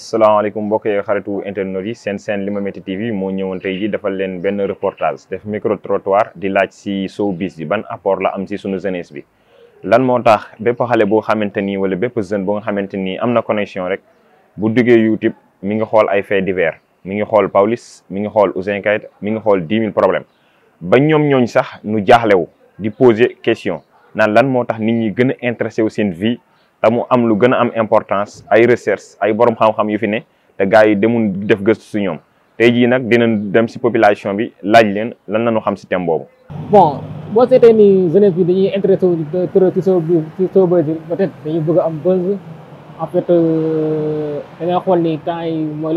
salaamaaleykum mbokk yeeg xaritu internet yi seen seen Limametti TV moo ñëwoon tey ji defal leen benn reportage def micro di laaj si bis yi ban apport la am si sunu jeunesse bi lan moo tax bépp xale boo xamante ni wala bépp jeune boo nga xamante ni am na connexion rek bu duggee YouTube mi ngi xool ay faits divers mi ngi xool Pawlish mi ngi xool Ouzin Keita mi ngi xool problèmes ba ñoom ñooñ sax nu jaaxlewu di poser question naan lan moo tax nit ñi gën a intéressé wu seen vie te am lu gën a am importance ay recherche ay boroom xam-xam yu fi ne te gars yi demul def gëstu su ñoom tey jii nag dinañ dem si population bi laaj leen lan na ñu xam si thème boobu. bon boo seetee ni jeunesse bi dañuy intéressé wu soo ci soo dañuy bëgg en fait da nga xol ni temps yi moy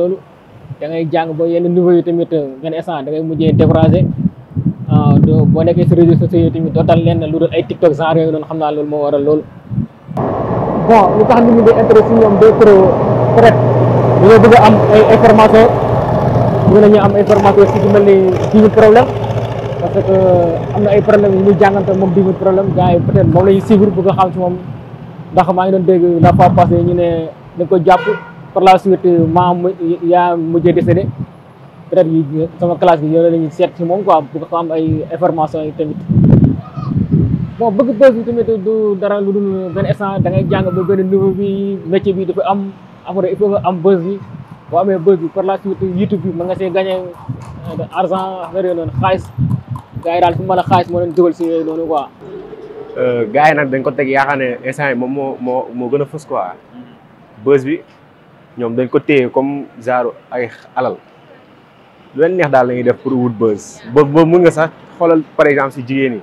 da ngay jang ba yenn niveau yi tamit ben instant da ngay mujjé décourager euh do bo nekké ci réseaux sociaux tamit dotal len lu ay tiktok genre yoy non xamna lolu mo waral lolu bon lu tax nit ñi di intéressé ñom day pro peut-être bëgg am ay eh, information bëgg nañu am information ci melni ci ñu problème parce que amna ay problème ñu jangante mom di problème gaay peut-être mom lay suivre bëgg xam ci mom ndax maa ngi doon dégg la fois passée ñu ne dañ ko jàpp par la suite maa mu yaa mujj décédé peut être sama classe bi yooyu la seet si moom quoi bu ko am ay information yi tamit. bon bëgg bës bi tamit du dara lu dul benn instant da ngay jàng ba benn niveau bi métier bi dafa am après am bës bi boo amee bës bi par la suite YouTube bi ma nga see gagné euh, argent affaire yooyu noonu xaalis gars yi daal fu mu a xaalis moo leen dugal si yooyu noonu quoi. Euh, gars yi nag dañ ko teg yaakaar ne instant moom moo moo moo gën a fës quoi bës bi ñoom dañ ko téye comme genre ay alal lu leen neex daal la def pour wut bës boobu boobu mun nga sax xoolal par exemple si jigéen yi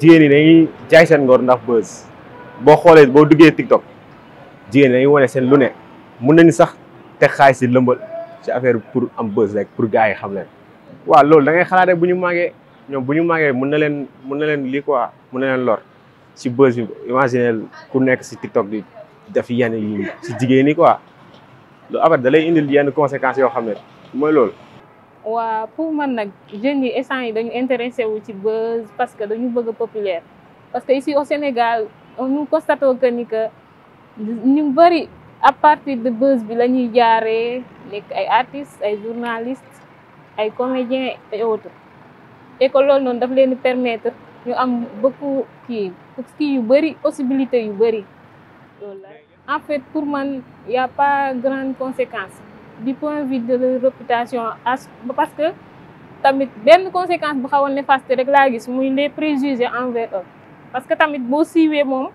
jigéen yi dañuy jaay seen ngor ndax bës boo xoolee boo duggee TikTok jigéen yi dañuy wane seen lu ne mun nañu sax teg xaay si lëmbal si affaire pour am bës rek pour gars yi xam leen waaw loolu da ngay bu ñu màggee ñom buñu ñu mën na len mën na len li quoi mën na len lor ci buzz bi imaginer ku nekk ci TikTok di def yenn yi ci jigéen ñi quoi lo abat dalay indi indil yenn conséquences yo xamné moy lool wa pour man nak jeune yi instant yi dañu intéressé wu ci buzz parce que dañu bëgg populaire parce que ici au Sénégal on nous constate que ni que ñu bari à partir de buzz bi lañuy jaaré nek ay artistes ay journalistes ay comédiens et autres. école loolu noonu daf leen permettre ñu am beaucoup kii kii yu bëri possibilité yu bëri loolu la en fait pour man y pas grande conséquence du point de vue de la réputation parce que tamit benn conséquence bu xawoon néfaste rek laa gis muy les préjugés envers eux parce que tamit boo siiwee moom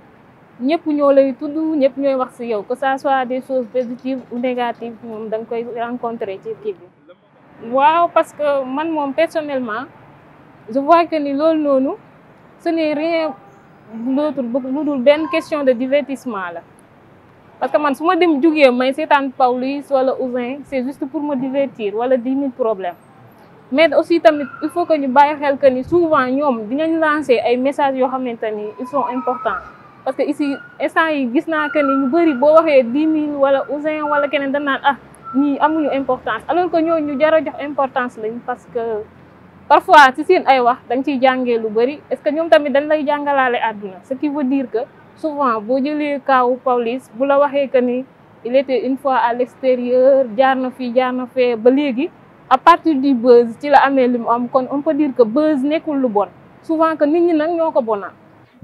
ñëpp ñoo lay tudd ñëpp ñooy wax si yow que ça soit des choses positives ou négatives moom da nga koy rencontrer ci kii waaw parce que man moom personnellement je vois que ce n'est rien d'autre une question de divertissement parce que man suma dem c'est juste pour me divertir wala problèmes mais aussi il faut que ñu que souvent nous lancer messages ils sont importants parce que ici que ni ñu ah, importance alors que ñu importance parce que parfois ci seen ay wax dang ci jangé lu bari est ce que ñom tamit dañ lay jangalalé aduna ce qui veut dire que souvent boo jëlee kaawu Pawlish bu la waxé que ni il était une fois à l'extérieur jarna fi jarna jaar ba légui à partir du buzz ci la amé lim am kon on peut dire que buzz nekul lu bon souvent que nit ñi nak ñoko ko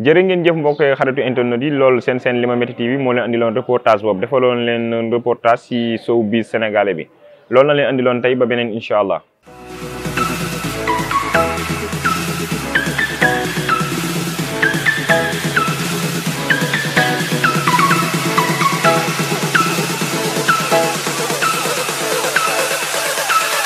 jere ngeen jëf mbokk xaritu internet yi sen sen lima metti TV mo leen lon reportage defal won leen reportage si showbiz sénégalais bi lool na leen lon tay ba benen inshallah